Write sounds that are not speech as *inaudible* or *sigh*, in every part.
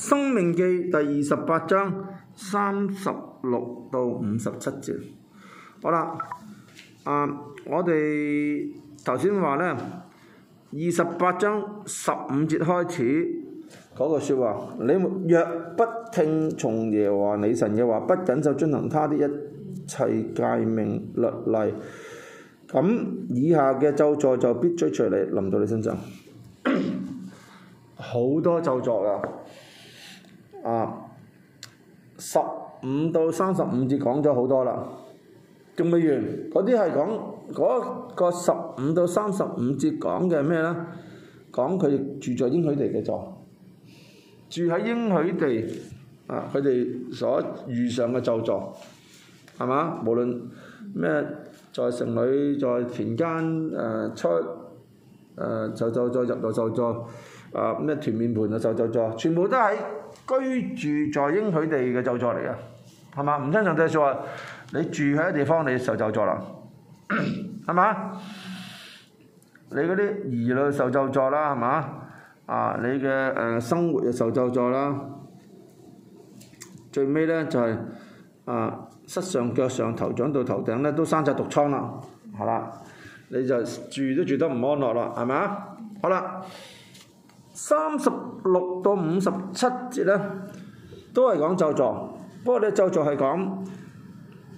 申命記第二十八章三十六到五十七節，好啦，啊，我哋頭先話呢，二十八章十五節開始嗰個說話，你若不聽從耶和華你神嘅話，不謹守遵行他的一切誡命律例，咁以下嘅咒詛就必追隨你臨到你身上， *coughs* 好多咒詛啊！啊，十五到三十五節講咗好多啦，仲未完。嗰啲係講嗰個十五到三十五節講嘅咩咧？講佢住在應許地嘅座，住喺應許地啊，佢哋所遇上嘅就座，係嘛？無論咩在城裏，在田間，誒、呃、出誒、呃、就就再入到就再。就就就就就就誒咩？團、啊、麵盤啊，受咒詛全部都係居住在應許地嘅咒詛嚟嘅，係嘛？唔聽上帝說話，你住喺地方，你受咒詛啦，係嘛？你嗰啲兒女受咒詛啦，係嘛？啊，你嘅誒、呃、生活又受咒詛啦，最尾咧就係、是、啊、呃，膝上腳上頭長到頭頂咧都生晒毒瘡啦，係啦，你就住都住得唔安樂咯，係咪啊？好啦。三十六到五十七節呢，都係講咒詛。不過咒詛呢，咒詛係講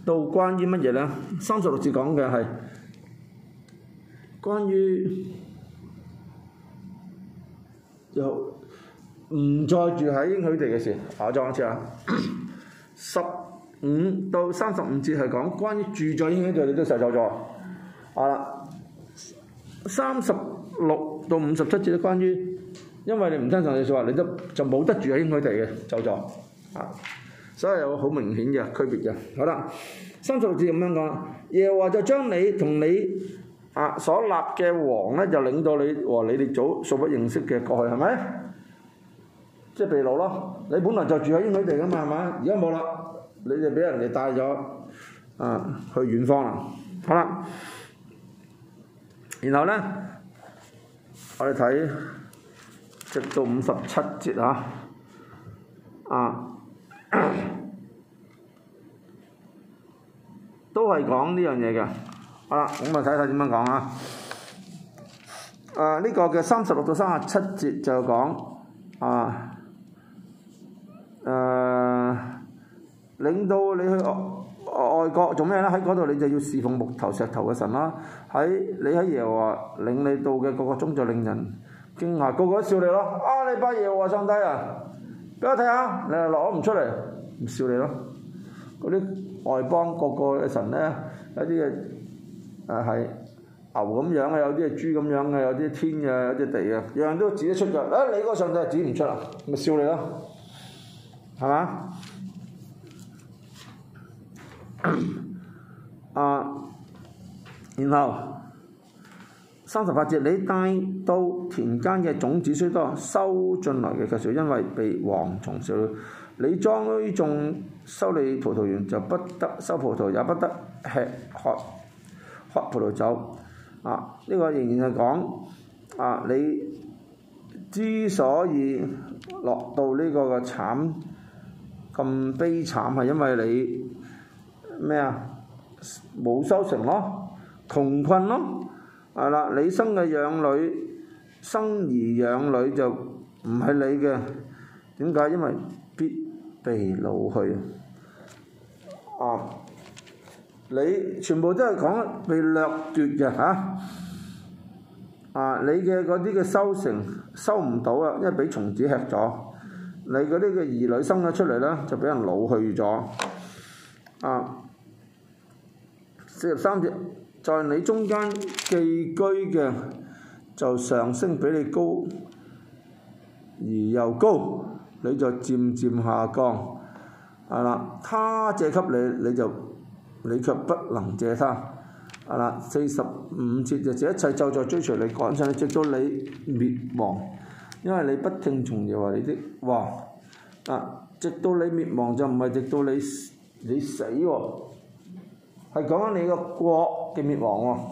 到關於乜嘢呢？三十六節講嘅係關於又唔再住喺應許地嘅事。我再講一次啊！十五 *coughs* 到三十五節係講關於住在應許地嘅時候，都係咒詛。好啦，三十六到五十七節咧，關於。因為你唔相信，你説話，你都就冇得住喺應許地嘅，走咗，啊，所以有好明顯嘅區別嘅。好啦，三十六節咁樣講，耶和華就將你同你啊所立嘅王咧，就領到你和你哋祖所不認識嘅過去，係咪？即係被擄咯，你本來就住喺應許地噶嘛，係咪？而家冇啦，你就俾人哋帶咗啊去遠方啦。好啦，然後咧，我哋睇。直到五十七節啊，啊，都係講呢樣嘢嘅。好啦，咁啊睇睇點樣講啊。誒呢個嘅三十六到三十七節就講啊誒，領到你去外外國做咩咧？喺嗰度你就要侍奉木頭石頭嘅神啦。喺你喺耶和華領你到嘅嗰個宗教就領人。驚嚇，個個都笑你咯！啊，你班嘢喎上帝啊，俾我睇下，你攞唔出嚟，唔笑你咯。嗰啲外邦個個嘅神咧，有啲嘅啊係牛咁樣嘅，有啲係豬咁樣嘅，有啲天嘅，有啲地嘅，樣樣都指得出㗎。啊，你個上帝指唔出啊，咪笑你咯，係嘛？ *coughs* 啊，然後。三十八節，你帶到田間嘅種子雖多，收進來嘅卻少，因為被蝗蟲少了。你栽種收你葡萄園就不得收葡萄，也不得吃喝喝葡萄酒。啊，呢、這個仍然係講啊，你之所以落到呢個嘅慘咁悲慘，係因為你咩啊冇收成咯，窮困咯。係啦、啊，你生嘅養女，生兒養女就唔係你嘅，點解？因為必被老去啊！你全部都係講被掠奪嘅嚇，啊！你嘅嗰啲嘅收成收唔到啊，因為俾蟲子吃咗，你嗰啲嘅兒女生咗出嚟呢，就俾人老去咗，啊！四十三隻。在你中間寄居嘅就上升比你高，而又高，你就漸漸下降。係啦，他借給你，你就你卻不能借他。係啦，四十五節就這、是、一切就在追隨你趕上，直到你滅亡，因為你不聽從耶和華的話。啊，直到你滅亡就唔係直到你你死喎、啊，係講緊你個國嘅滅亡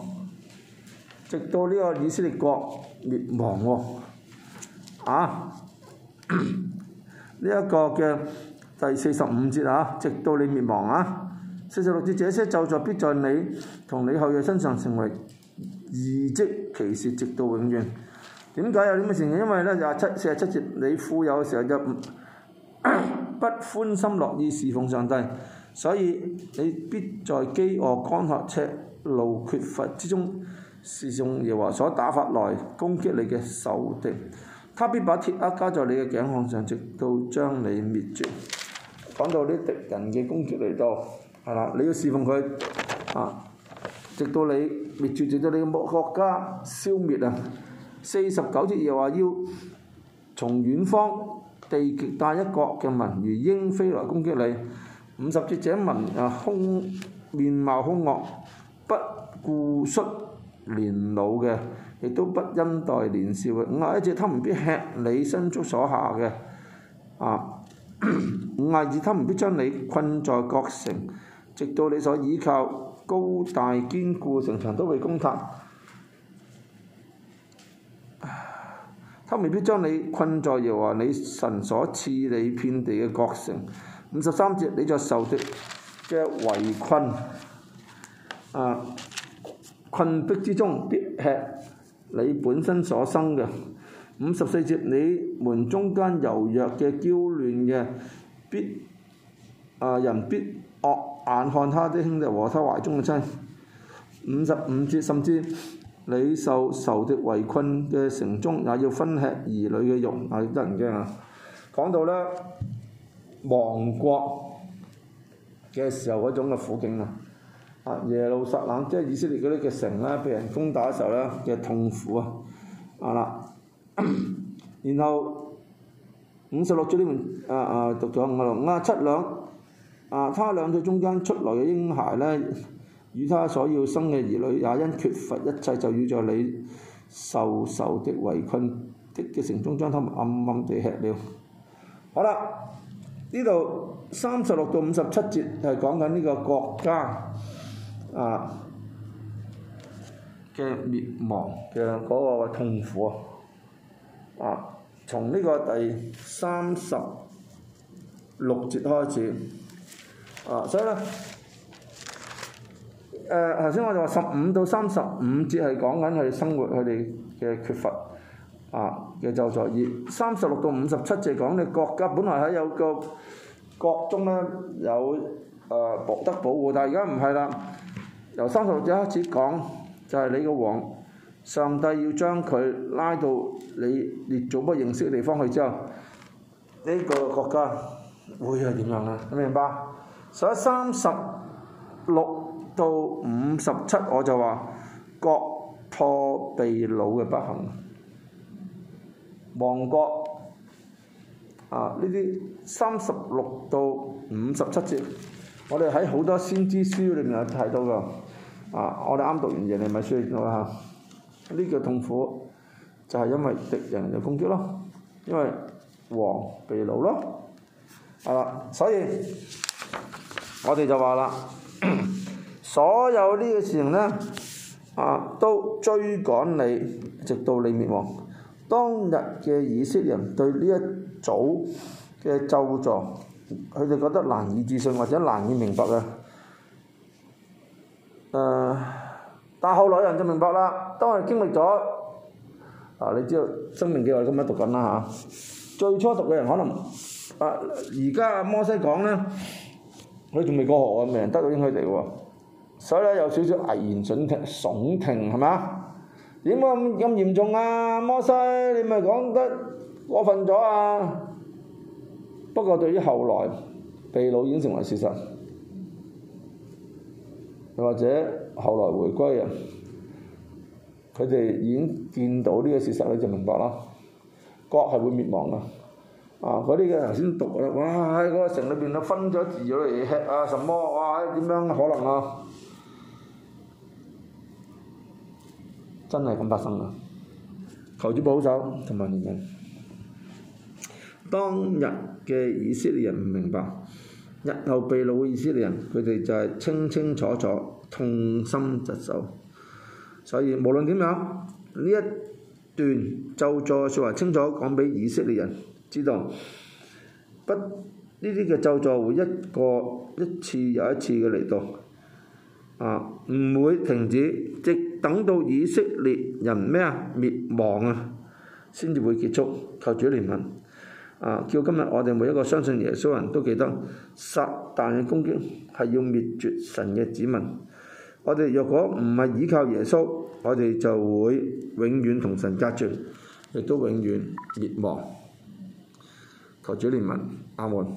直到呢個以色列國滅亡呢一、啊這個嘅第四十五節啊，直到你滅亡啊，四十六節，這些咒詛必在你同你後裔身上成為異蹟奇事，直到永遠。點解有呢個情形？因為呢廿七四十七節，你富有嘅時候就 *coughs* 不歡心樂意侍奉上帝。所以你必在飢餓乾渴、赤露缺乏之中侍奉耶和華所打發來攻擊你嘅仇敵，他必把鐵軛加在你嘅頸項上，直到將你滅絕。講到啲敵人嘅攻擊嚟到，係啦，你要侍奉佢啊，直到你滅絕，直到你嘅國國家消滅啊。四十九節，耶和華要從遠方地極帶一國嘅民如鷹飛來攻擊你。五十節者聞：啊，兇面貌兇惡、不顧恤年老嘅，亦都不恩待年少嘅。五十一節，他唔必吃你牲畜所下嘅，啊！五十二節，他唔必將你困在各城，直到你所倚靠高大堅固城牆都被攻塌。他未必將你困在又話你神所賜你遍地嘅各城。五十三節，你在仇敵嘅圍困，啊困迫之中，必吃你本身所生嘅；五十四節，你們中間柔弱嘅、嬌嫩嘅，必啊人必惡眼看他啲兄弟和他懷中嘅妻；五十五節，甚至你受仇敵圍困嘅城中，也要分吃兒女嘅肉，係、啊、得人驚啊！講到呢。亡國嘅時候嗰種嘅苦境啊！啊，耶路撒冷，即、就、係、是、以色列嗰啲嘅城呢，被人攻打嘅時候呢，嘅、就是、痛苦啊！啊啦，然後五十六章呢段啊啊讀咗五十六，五啊七兩啊，他兩對中間出來嘅嬰孩呢，與他所要生嘅兒女，也因缺乏一切，就要在你受受的圍困的嘅城中，將他們暗暗地吃了。好、啊、啦。啊呢度三十六到五十七節係講緊呢個國家啊嘅滅亡嘅嗰個痛苦啊，從呢個第三十六節開始啊，所以呢，誒頭先我哋話十五到三十五節係講緊佢生活佢哋嘅缺乏。啊嘅咒作業，三十六到五十七就講你國家本來喺有個國中咧有誒、呃、博得保護，但係而家唔係啦。由三十六字開始講，就係你個王上帝要將佢拉到你列祖不認識嘅地方去之後，呢、這個國家會係點樣咧？明唔明白？所以三十六到五十七我就話國破地老嘅不幸。亡國啊！呢啲三十六到五十七節，我哋喺好多先知書裏面有提到噶。啊，我哋啱讀完耶利米書，我話：呢、啊這個痛苦就係因為敵人嘅攻擊咯，因為王被擄咯。啊，所以我哋就話啦，所有呢個事情呢，啊都追趕你，直到你滅亡。當日嘅以色列人對呢一組嘅咒詛，佢哋覺得難以置信或者難以明白啊！誒、呃，但係後來人就明白啦。當人經歷咗啊，你知道生命幾耐？咁樣讀緊啦嚇。最初讀嘅人可能啊，而家摩西講咧，佢仲未過河，啊，未人得到應許地喎。所以咧有少少危言聳聽，聳聽係嘛？點解咁咁嚴重啊？摩西，你咪講得過分咗啊！不過對於後來被擄已經成為事實，又或者後來回歸啊，佢哋已經見到呢個事實，你就明白啦。國係會滅亡嘅，啊！嗰啲嘅頭先讀嘅，哇！喺、個城裏邊都分咗治咗嚟吃啊，什麼哇、啊？點樣可能啊？真係咁發生噶，求主保守同埋你哋。當日嘅以色列人唔明白，日後被擄嘅以色列人，佢哋就係清清楚楚、痛心疾首。所以無論點樣，呢一段咒詛説話清楚講俾以色列人知道，不呢啲嘅咒詛會一個一次又一次嘅嚟到，啊唔會停止即。等到以色列人咩啊滅亡啊，先至會結束。求主憐憫啊！叫今日我哋每一個相信耶穌人都記得撒但嘅攻擊係要滅絕神嘅子民。我哋若果唔係倚靠耶穌，我哋就會永遠同神隔絕，亦都永遠滅亡。求主憐憫，阿門。